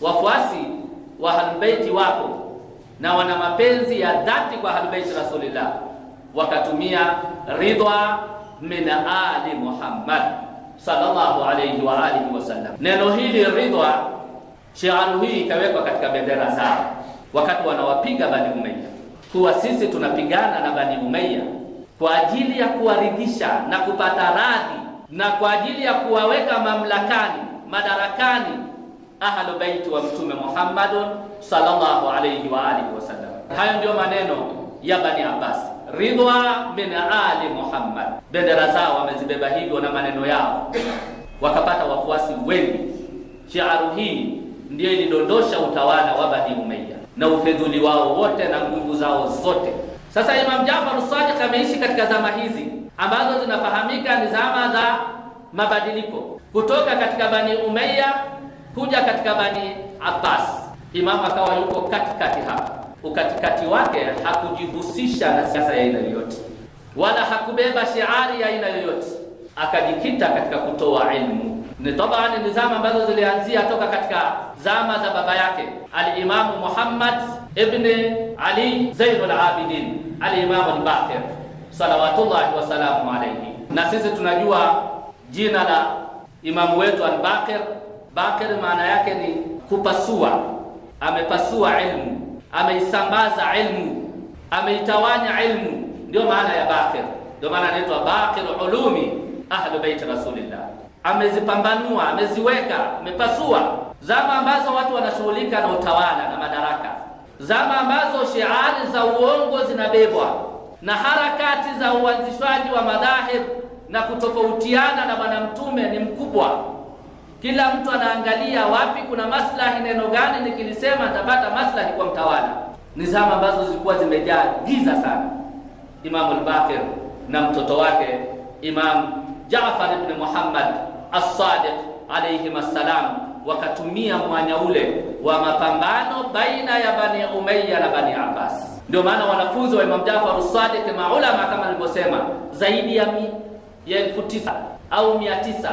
wafuasi wa Ahlulbeiti wako na wana mapenzi ya dhati kwa Ahlulbeiti Rasulillah, wakatumia ridwa min ali Muhammad sallallahu alayhi wa alihi wasallam, neno hili ridwa Shiaru hii ikawekwa katika bendera zao wakati wanawapiga Bani Umayya, kuwa sisi tunapigana na Bani Umayya kwa ajili ya kuwaridhisha na kupata radhi na kwa ajili ya kuwaweka mamlakani, madarakani ahlu baiti wa Mtume Muhammad sallallahu alayhi wa alihi wasallam. Hayo ndiyo maneno ya Bani Abbas ridwa min ali Muhammad. Bendera zao wamezibeba hivyo na maneno yao, wakapata wafuasi wengi. Shiaru hii ndiyo ilidondosha utawala wa Bani Umayya na ufedhuli wao wote na nguvu zao zote. Sasa Imam Jafar Sadiq ameishi katika zama hizi ambazo zinafahamika ni zama za mabadiliko, kutoka katika Bani Umayya kuja katika Bani Abbas. Imam akawa yuko katikati hapa. Ukatikati wake hakujihusisha na siasa ya aina yoyote, wala hakubeba shiari ya aina yoyote, akajikita katika kutoa ilmu ni taban ni zama ambazo zilianzia toka katika zama za baba yake Alimamu Muhammad ibn Ali Zainul Abidin Alimamu Albaqir salawatullahi wasalamu alayhi. Na sisi tunajua jina la imamu wetu al-Baqir. Baqir maana yake ni kupasua, amepasua ilmu, ameisambaza ilmu, ameitawanya ilmu, ndio maana ya Baqir. Ndio maana anaitwa Baqir ulumi ahlu bait rasulillah amezipambanua, ameziweka, amepasua. Zama ambazo watu wanashughulika na utawala na madaraka, zama ambazo shiari za uongo zinabebwa na harakati za uanzishwaji wa madhahib na kutofautiana na Bwana Mtume ni mkubwa. Kila mtu anaangalia wapi kuna maslahi, neno gani nikilisema nitapata maslahi kwa mtawala. Ni zama ambazo zilikuwa zimejaa giza sana. Imamu al na mtoto wake Imam jafar ibn Muhammad as-Sadiq alayhim assalam, wakatumia mwanya ule wa mapambano baina ya Bani Umayya na Bani Abbas. Ndio maana wanafunzi wa Imam Jafar as-Sadiq maulama kama alivyosema zaidi ya mi, ya elfu tisa au mia tisa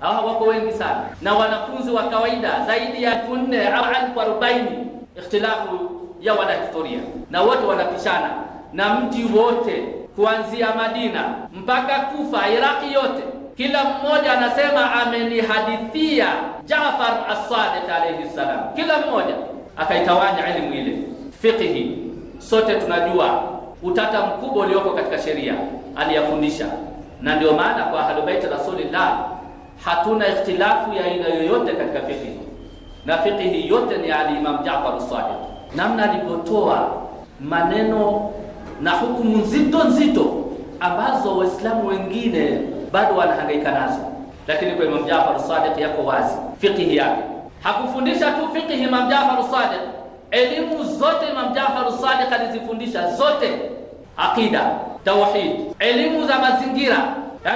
hawa wako wengi sana, na wanafunzi wa kawaida zaidi ya elfu nne au elfu arobaini ikhtilafu ya wanahistoria, na wote wanapishana na mji wote kuanzia Madina mpaka Kufa, Iraki yote kila mmoja anasema amenihadithia jafar as-Sadiq alayhi salam. Kila mmoja akaitawanya elimu ile fiqhi. Sote tunajua utata mkubwa ulioko katika sheria aliyafundisha, na ndio maana kwa Ahlulbaiti Rasulillah hatuna ikhtilafu ya aina yoyote katika fiqhi, na fiqhi yote ni alimam Jafar as-Sadiq, namna alipotoa maneno na hukumu nzito nzito ambazo Waislamu wengine bado wanahangaika nazo, lakini kwa Imam Jafar Sadiq yako wazi fikihi yake. Hakufundisha tu fikihi Imam Jafar Sadiq, elimu zote Imam Jafar Sadiq alizifundisha zote, aqida, tauhid, elimu za mazingira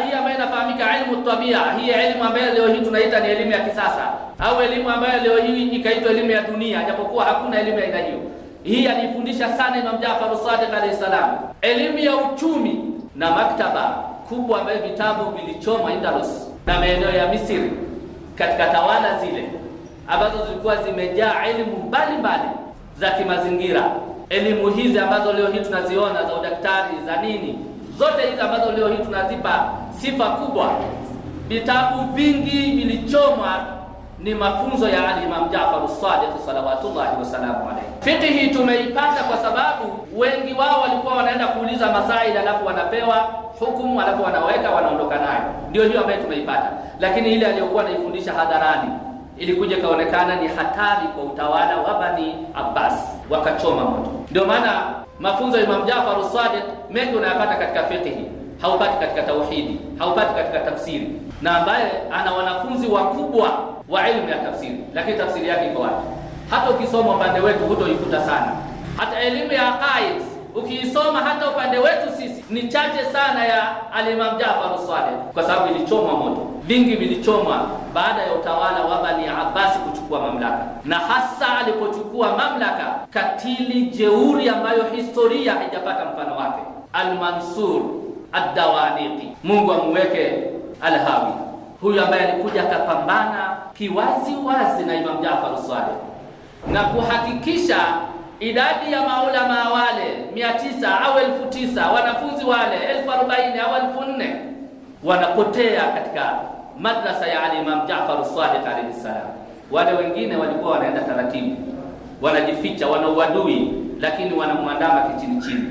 hii ambayo inafahamika ilmu tabia, hii elimu ambayo leo hii tunaita ni elimu ya kisasa au elimu ambayo leo hii ikaitwa elimu ya dunia, japokuwa hakuna elimu ya aina hiyo. Hii alifundisha sana Imam Jafar Sadiq alayhi salam, elimu ya uchumi na maktaba kubwa ambayo vitabu vilichomwa Indalus na maeneo ya Misri katika tawala zile ambazo zilikuwa zimejaa elimu mbalimbali za kimazingira. Elimu hizi ambazo leo hii tunaziona za udaktari za nini, zote hizi ambazo leo hii tunazipa sifa kubwa, vitabu vingi vilichomwa ni mafunzo ya Imam Jaafar as-Sadiq salawatullahi wasalamu alayhi. Fiqhi hii tumeipata kwa sababu wengi wao walikuwa wanaenda kuuliza masaili, alafu wanapewa hukumu, alafu wanaweka wanaondoka nayo, ndio hiyo ambayo tumeipata. Lakini ile aliyokuwa anaifundisha hadharani ilikuja kaonekana ni hatari kwa utawala wa Bani Abbas, wakachoma moto. Ndio maana mafunzo ya Imam Jaafar as-Sadiq mengi unayapata katika fiqhi, haupati katika tauhidi, haupati katika tafsiri na ambaye ana wanafunzi wakubwa wa elimu ya tafsiri, lakini tafsiri yake iko wapi? Hata ukisoma upande wetu hutoikuta sana. Hata elimu ya aqaid ukiisoma hata upande wetu sisi ni chache sana ya Alimam Jafar Saleh, kwa sababu ilichomwa moto, vingi vilichomwa baada ya utawala wa Bani Abbasi kuchukua mamlaka, na hasa alipochukua mamlaka, katili jeuri ambayo historia haijapata mfano wake, Almansur Adawaniqi, Mungu amuweke Alhawi, huyu ambaye alikuja akapambana kiwazi wazi na Imam Jaafar Saleh na kuhakikisha idadi ya maulama wale mia tisa au elfu tisa wanafunzi wale elfu arobaini au elfu nne wanapotea katika madrasa ya Imam Jaafar Sadiq alayhi salam. Wale wengine walikuwa wanaenda taratibu, wanajificha, wana uadui, lakini wanamwandama kichini chini.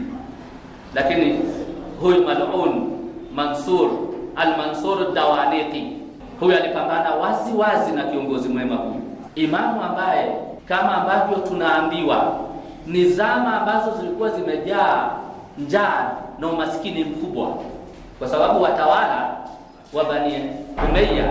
Lakini huyu mal'un Mansur Al-Mansur Dawaniki. Huyu alipambana wazi wazi na kiongozi mwema huyu, imamu ambaye kama ambavyo tunaambiwa ni zama ambazo zilikuwa zimejaa njaa na umaskini mkubwa, kwa sababu watawala wa Bani Umayya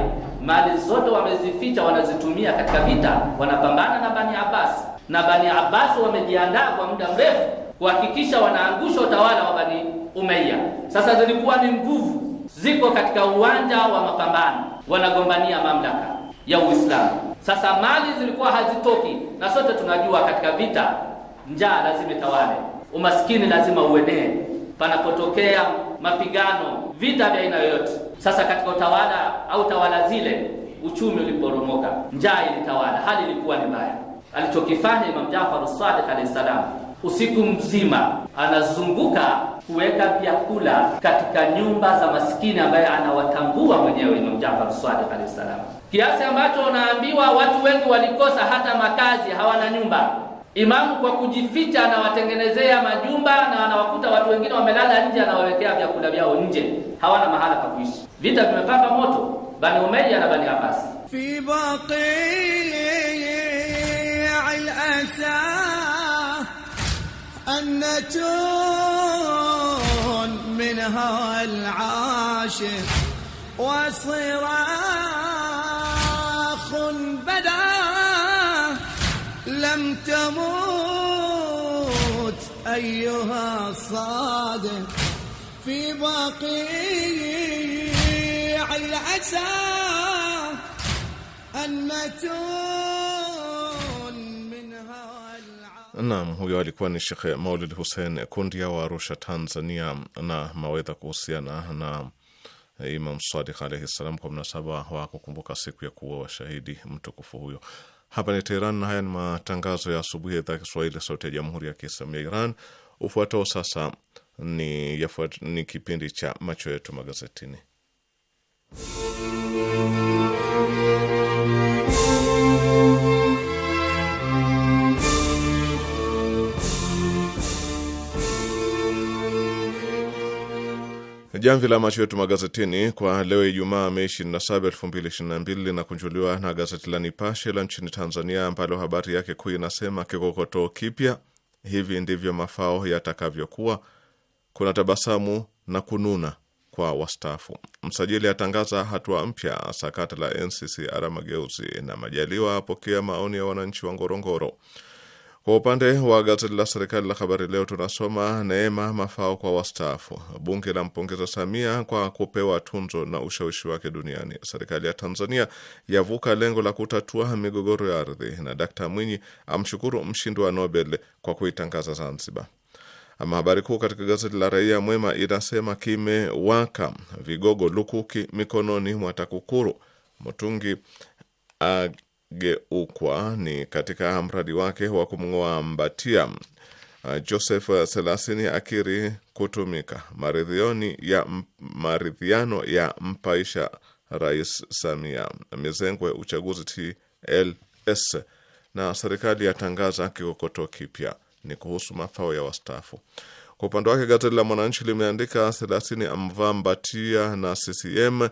mali zote wamezificha, wanazitumia katika vita, wanapambana na Bani Abbas, na Bani Abbas wamejiandaa kwa muda mrefu kuhakikisha wanaangusha utawala wa Bani Umayya. Sasa zilikuwa ni nguvu ziko katika uwanja wa mapambano, wanagombania mamlaka ya Uislamu. Sasa mali zilikuwa hazitoki, na sote tunajua katika vita njaa lazima itawale, umaskini lazima uenee panapotokea mapigano, vita vya aina yoyote. Sasa katika utawala au tawala zile, uchumi uliporomoka, njaa ilitawala, hali ilikuwa ni mbaya. Alichokifanya Imam Jaafar Sadiq alayhi salam usiku mzima, anazunguka kuweka vyakula katika nyumba za masikini ambaye anawatambua mwenyewe Imam Jaafar Sadiq alayhi salam, kiasi ambacho unaambiwa watu wengi walikosa hata makazi, hawana nyumba. Imamu kwa kujificha anawatengenezea majumba na anawakuta watu wengine wamelala nje, anawawekea vyakula vyao nje, hawana mahala pa kuishi. Vita vimepaka moto Bani Umayya na Bani Abbas fi baqi أن من هالعاشق وصراخ بدا لم تموت أيها الصادق في باقي العسى أن Naam, huyo alikuwa ni Shekhe Maulid Hussein Kundia wa Arusha, Tanzania, na mawedha kuhusiana na eh, Imam Sadiq alaihi ssalam kwa mnasaba wa kukumbuka siku ya kuwa washahidi mtukufu huyo. Hapa ni Teheran na haya ni matangazo ya asubuhi ya idhaa Kiswahili sauti ya jamhuri ya Kiislamu ya Iran. Ufuatao sasa ni, yafuat, ni kipindi cha macho yetu magazetini Jamvi la macho yetu magazetini kwa leo Ijumaa, Mei 27, 2022 linakunjuliwa na gazeti la Nipashe la nchini Tanzania, ambalo habari yake kuu inasema kikokotoo kipya, hivi ndivyo mafao yatakavyokuwa. Kuna tabasamu na kununa kwa wastaafu. Msajili atangaza hatua mpya sakata la NCCR Mageuzi, na Majaliwa apokea maoni ya wananchi wa Ngorongoro. Kwa upande wa gazeti la serikali la Habari Leo tunasoma neema mafao kwa wastaafu, bunge la mpongeza Samia kwa kupewa tunzo na ushawishi wake duniani, serikali ya Tanzania yavuka lengo la kutatua migogoro ya ardhi, na Dkt Mwinyi amshukuru mshindi wa Nobel kwa kuitangaza Zanzibar. Ama habari kuu katika gazeti la Raia Mwema inasema kimewaka, vigogo lukuki mikononi mwa TAKUKURU, Mutungi ah, geukwa ni katika mradi wake wa kumng'oa Mbatia. Uh, Joseph Selasini akiri kutumika maridhioni ya maridhiano ya mpaisha Rais Samia. Mizengwe uchaguzi TLS na serikali yatangaza kikokotoo kipya ni kuhusu mafao ya wastaafu. Kwa upande wake gazeti la Mwananchi limeandika Selasini amvaa Mbatia na CCM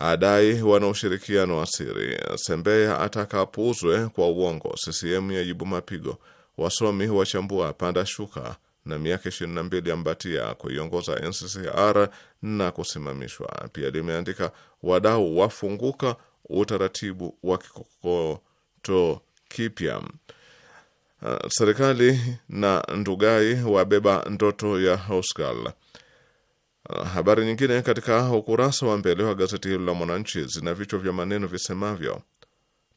adai wana ushirikiano wa siri. Sembea atakapuuzwe kwa uongo, CCM yajibu mapigo. Wasomi wachambua panda shuka na miaka 22 ambatia kuiongoza NCCR na kusimamishwa. Pia limeandika wadau wafunguka utaratibu wa kikokoto kipya. Uh, serikali na Ndugai wabeba ndoto ya Hauskal. Habari nyingine katika ukurasa wa mbele wa gazeti hilo la Mwananchi zina vichwa vya maneno visemavyo: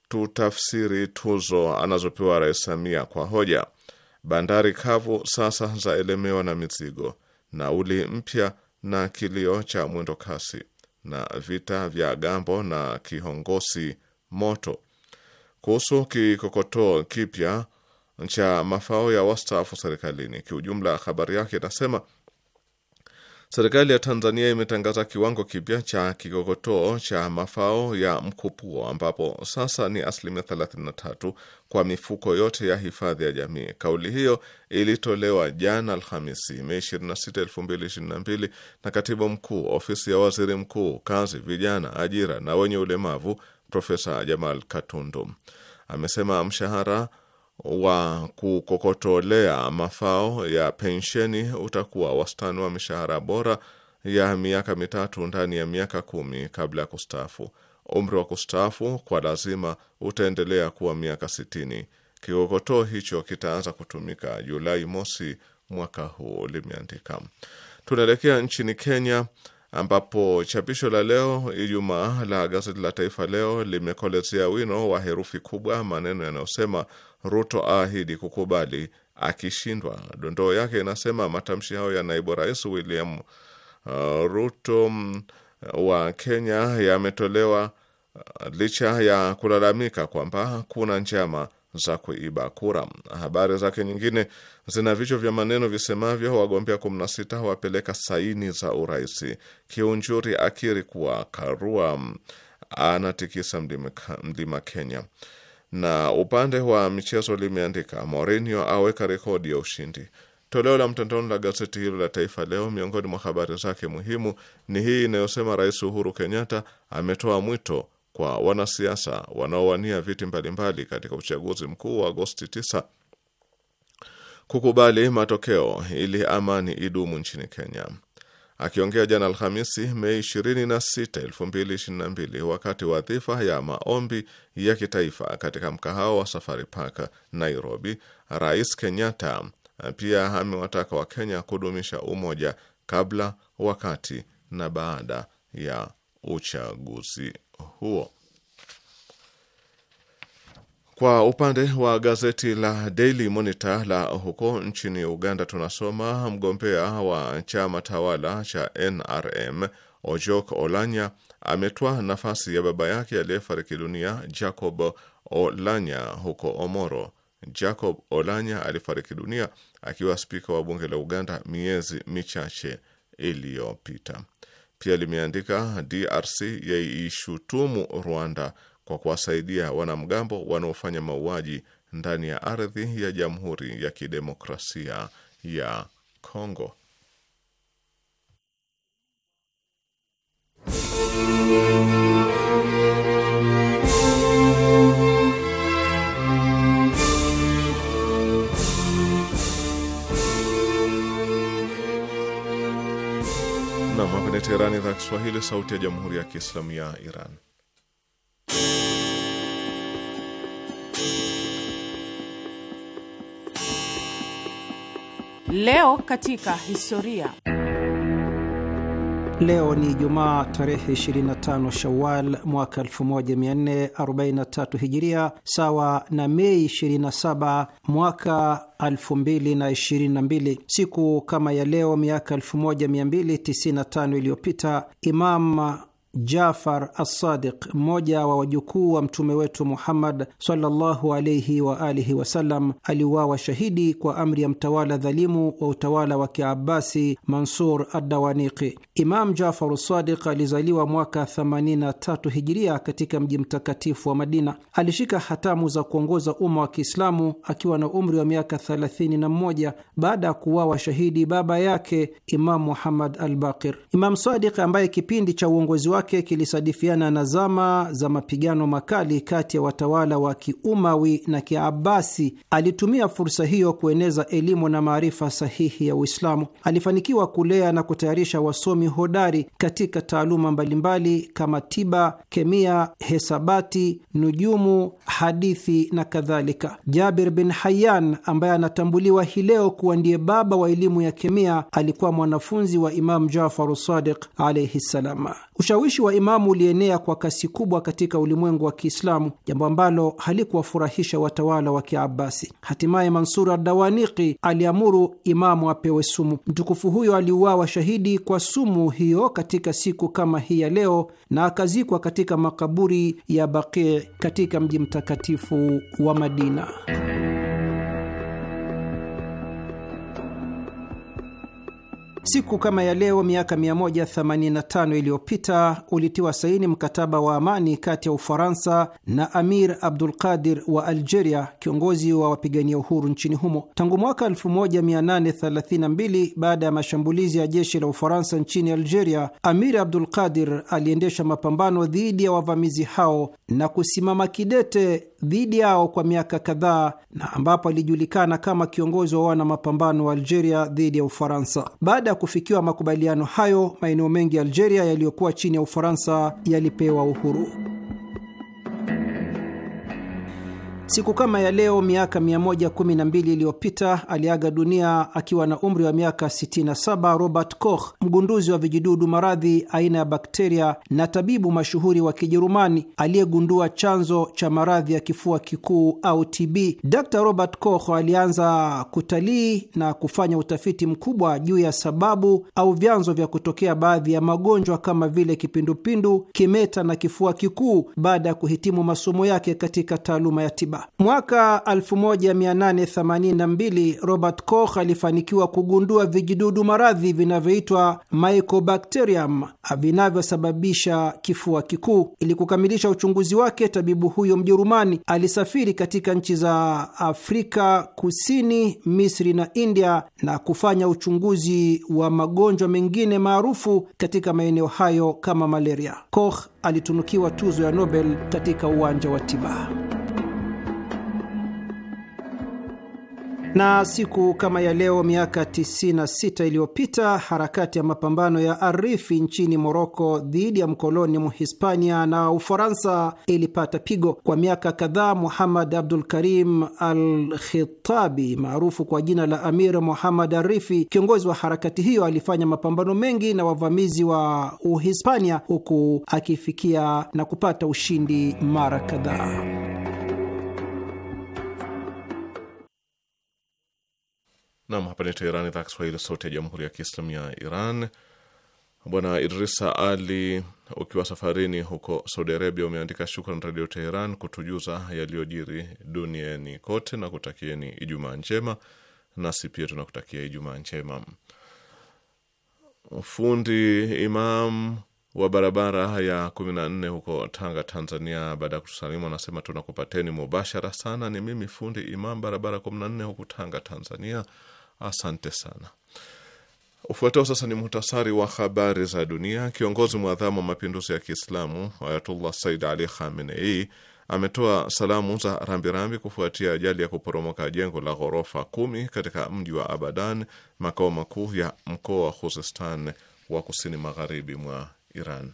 tutafsiri tuzo anazopewa Rais Samia kwa hoja, bandari kavu sasa zaelemewa na mizigo, nauli mpya na kilio cha mwendo kasi, na vita vya Gambo na Kihongosi moto. Kuhusu kikokotoo kipya cha mafao ya wastaafu serikalini, kiujumla habari yake inasema Serikali ya Tanzania imetangaza kiwango kipya cha kikokotoo cha mafao ya mkupuo ambapo sasa ni asilimia 33 kwa mifuko yote ya hifadhi ya jamii. Kauli hiyo ilitolewa jana Alhamisi, Mei 26, 2022 na katibu mkuu ofisi ya waziri mkuu, kazi, vijana, ajira na wenye ulemavu, Profesa Jamal Katundu. Amesema mshahara wa kukokotolea mafao ya pensheni utakuwa wastani wa mishahara bora ya miaka mitatu ndani ya miaka kumi kabla ya kustaafu. Umri wa kustaafu kwa lazima utaendelea kuwa miaka sitini. Kikokotoo hicho kitaanza kutumika Julai mosi mwaka huu, limeandika. Tunaelekea nchini Kenya ambapo chapisho la leo Ijumaa la gazeti la Taifa Leo limekolezea wino wa herufi kubwa maneno yanayosema Ruto aahidi kukubali akishindwa. Dondoo yake inasema matamshi hayo ya naibu rais William uh, Ruto mm, wa Kenya yametolewa uh, licha ya kulalamika kwamba kuna njama za kuiba kura. Habari zake nyingine zina vichwa vya maneno visemavyo: wagombea 16 wapeleka saini za urais, Kiunjuri akiri kuwa Karua anatikisa mlima, Kenya, na upande wa michezo limeandika Mourinho aweka rekodi ya ushindi. Toleo la mtandaoni la gazeti hilo la Taifa Leo, miongoni mwa habari zake muhimu ni hii inayosema Rais Uhuru Kenyatta ametoa mwito kwa wanasiasa wanaowania viti mbalimbali katika uchaguzi mkuu wa Agosti 9 kukubali matokeo ili amani idumu nchini Kenya. Akiongea jana Alhamisi, Mei 26, 2022 wakati wa dhifa ya maombi ya kitaifa katika mkahawa wa Safari Park Nairobi, Rais Kenyatta pia amewataka Wakenya kudumisha umoja kabla, wakati na baada ya uchaguzi huo. Kwa upande wa gazeti la Daily Monitor la huko nchini Uganda, tunasoma mgombea wa chama tawala cha NRM Ojok Olanya ametwa nafasi ya baba yake aliyefariki dunia Jacob Olanya huko Omoro. Jacob Olanya alifariki dunia akiwa spika wa bunge la Uganda miezi michache iliyopita pia limeandika DRC yaishutumu Rwanda kwa kuwasaidia wanamgambo wanaofanya mauaji ndani ya ardhi ya Jamhuri ya Kidemokrasia ya Kongo. Teherani, idhaa Kiswahili, sauti ya jamhuri ya kiislamu ya Iran. Leo katika historia Leo ni Jumaa tarehe 25 Shawal mwaka 1443 Hijiria, sawa na Mei 27 mwaka 2022. Siku kama ya leo miaka 1295 iliyopita Imam Jafar Assadiq, mmoja wa wajukuu wa mtume wetu Muhammad sallallahu alaihi wa alihi wasallam, aliuawa shahidi kwa amri ya mtawala dhalimu wa utawala wa Kiabasi, Mansur adawaniki Imam Jafar Assadiq alizaliwa mwaka 83 hijiria katika mji mtakatifu wa Madina. Alishika hatamu za kuongoza umma wa Kiislamu akiwa na umri wa miaka 31 baada ya kuuawa shahidi baba yake Imam Muhammad Albakir. Imam Sadiq ambaye kipindi cha uongozi wake wake kilisadifiana na zama za mapigano makali kati ya watawala wa Kiumawi na Kiabasi. Alitumia fursa hiyo kueneza elimu na maarifa sahihi ya Uislamu. Alifanikiwa kulea na kutayarisha wasomi hodari katika taaluma mbalimbali kama tiba, kemia, hesabati, nujumu, hadithi na kadhalika. Jabir bin Hayyan ambaye anatambuliwa hii leo kuwa ndiye baba wa elimu ya kemia alikuwa mwanafunzi wa Imamu Jafaru Sadiq alaihi ssalam. Ushawishi wa Imamu ulienea kwa kasi kubwa katika ulimwengu wa Kiislamu, jambo ambalo halikuwafurahisha watawala wa Kiabasi. Hatimaye Mansur Adawaniki aliamuru Imamu apewe sumu. Mtukufu huyo aliuawa shahidi kwa sumu hiyo katika siku kama hii ya leo na akazikwa katika makaburi ya Baqi katika mji mtakatifu wa Madina. Siku kama ya leo miaka 185 iliyopita ulitiwa saini mkataba wa amani kati ya Ufaransa na Amir abdulqadir wa Algeria, kiongozi wa wapigania uhuru nchini humo. Tangu mwaka 1832 baada ya mashambulizi ya jeshi la Ufaransa nchini Algeria, Amir Abdul Qadir aliendesha mapambano dhidi ya wavamizi hao na kusimama kidete dhidi yao kwa miaka kadhaa, na ambapo alijulikana kama kiongozi wa wana mapambano wa Algeria dhidi ya Ufaransa. Baada ya kufikiwa makubaliano hayo, maeneo mengi ya Algeria yaliyokuwa chini ya Ufaransa yalipewa uhuru. Siku kama ya leo miaka 112 iliyopita aliaga dunia akiwa na umri wa miaka 67 Robert Koch, mgunduzi wa vijidudu maradhi aina ya bakteria na tabibu mashuhuri wa Kijerumani aliyegundua chanzo cha maradhi ya kifua kikuu au TB. Dr Robert Koch alianza kutalii na kufanya utafiti mkubwa juu ya sababu au vyanzo vya kutokea baadhi ya magonjwa kama vile kipindupindu, kimeta na kifua kikuu baada ya kuhitimu masomo yake katika taaluma ya tiba. Zanzibar. Mwaka 1882 Robert Koch alifanikiwa kugundua vijidudu maradhi vinavyoitwa mycobacterium vinavyosababisha kifua kikuu. Ili kukamilisha uchunguzi wake, tabibu huyo Mjerumani alisafiri katika nchi za Afrika Kusini, Misri na India na kufanya uchunguzi wa magonjwa mengine maarufu katika maeneo hayo kama malaria. Koch alitunukiwa tuzo ya Nobel katika uwanja wa tiba. Na siku kama ya leo miaka 96 iliyopita harakati ya mapambano ya Arifi nchini Moroko dhidi ya mkoloni Mhispania na Ufaransa ilipata pigo. Kwa miaka kadhaa, Muhammad Abdul Karim Al Khitabi maarufu kwa jina la Amir Muhammad Arifi, kiongozi wa harakati hiyo, alifanya mapambano mengi na wavamizi wa Uhispania, huku akifikia na kupata ushindi mara kadhaa. Nam, hapa ni Teherani, idhaa Kiswahili, sauti ya jamhuri ya kiislamu ya Iran. Bwana Idrisa Ali, ukiwa safarini huko Saudi Arabia, umeandika shukran Radio Teheran kutujuza yaliyojiri duniani kote na kutakieni Ijumaa njema. Nasi pia tunakutakia Ijumaa njema. Fundi Imam wa barabara ya kumi na nne huko Tanga, Tanzania, baada ya kutusalimu anasema tunakupateni mubashara sana. Ni mimi fundi Imam, barabara kumi na nne huku Tanga, Tanzania. Asante sana. Ufuatao sasa ni muhtasari wa habari za dunia. Kiongozi mwadhamu wa mapinduzi ya Kiislamu Ayatullah Said Ali Khamenei ametoa salamu za rambirambi kufuatia ajali ya kuporomoka jengo la ghorofa kumi katika mji wa Abadan, makao makuu ya mkoa wa Khuzestan wa kusini magharibi mwa Iran.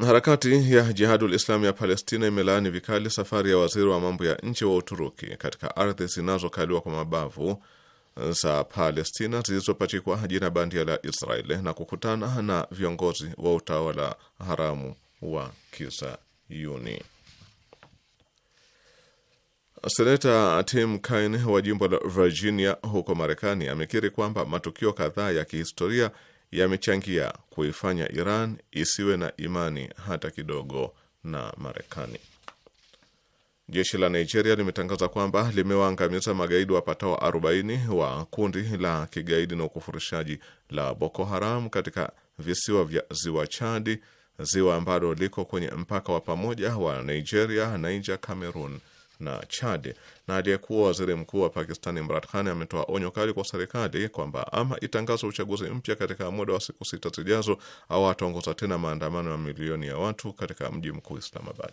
Harakati ya Jihadul Islami ya Palestina imelaani vikali safari ya waziri wa mambo ya nje wa Uturuki katika ardhi zinazokaliwa kwa mabavu za Palestina zilizopachikwa jina bandia la israel na kukutana na viongozi wa utawala haramu wa Kizayuni. Seneta Tim Kaine wa jimbo la Virginia huko Marekani amekiri kwamba matukio kadhaa ya kihistoria yamechangia kuifanya Iran isiwe na imani hata kidogo na Marekani. Jeshi la Nigeria limetangaza kwamba limewaangamiza magaidi wapatao 40 wa kundi la kigaidi na ukufurishaji la Boko Haram katika visiwa vya ziwa Chadi, ziwa ambalo liko kwenye mpaka wa pamoja wa Nigeria, Niger, Cameroon na Chad. Na aliyekuwa waziri mkuu wa Pakistani Imran Khan ametoa onyo kali kwa serikali kwamba ama itangazo uchaguzi mpya katika muda wa siku sita zijazo au ataongoza tena maandamano ya milioni ya watu katika mji mkuu Islamabad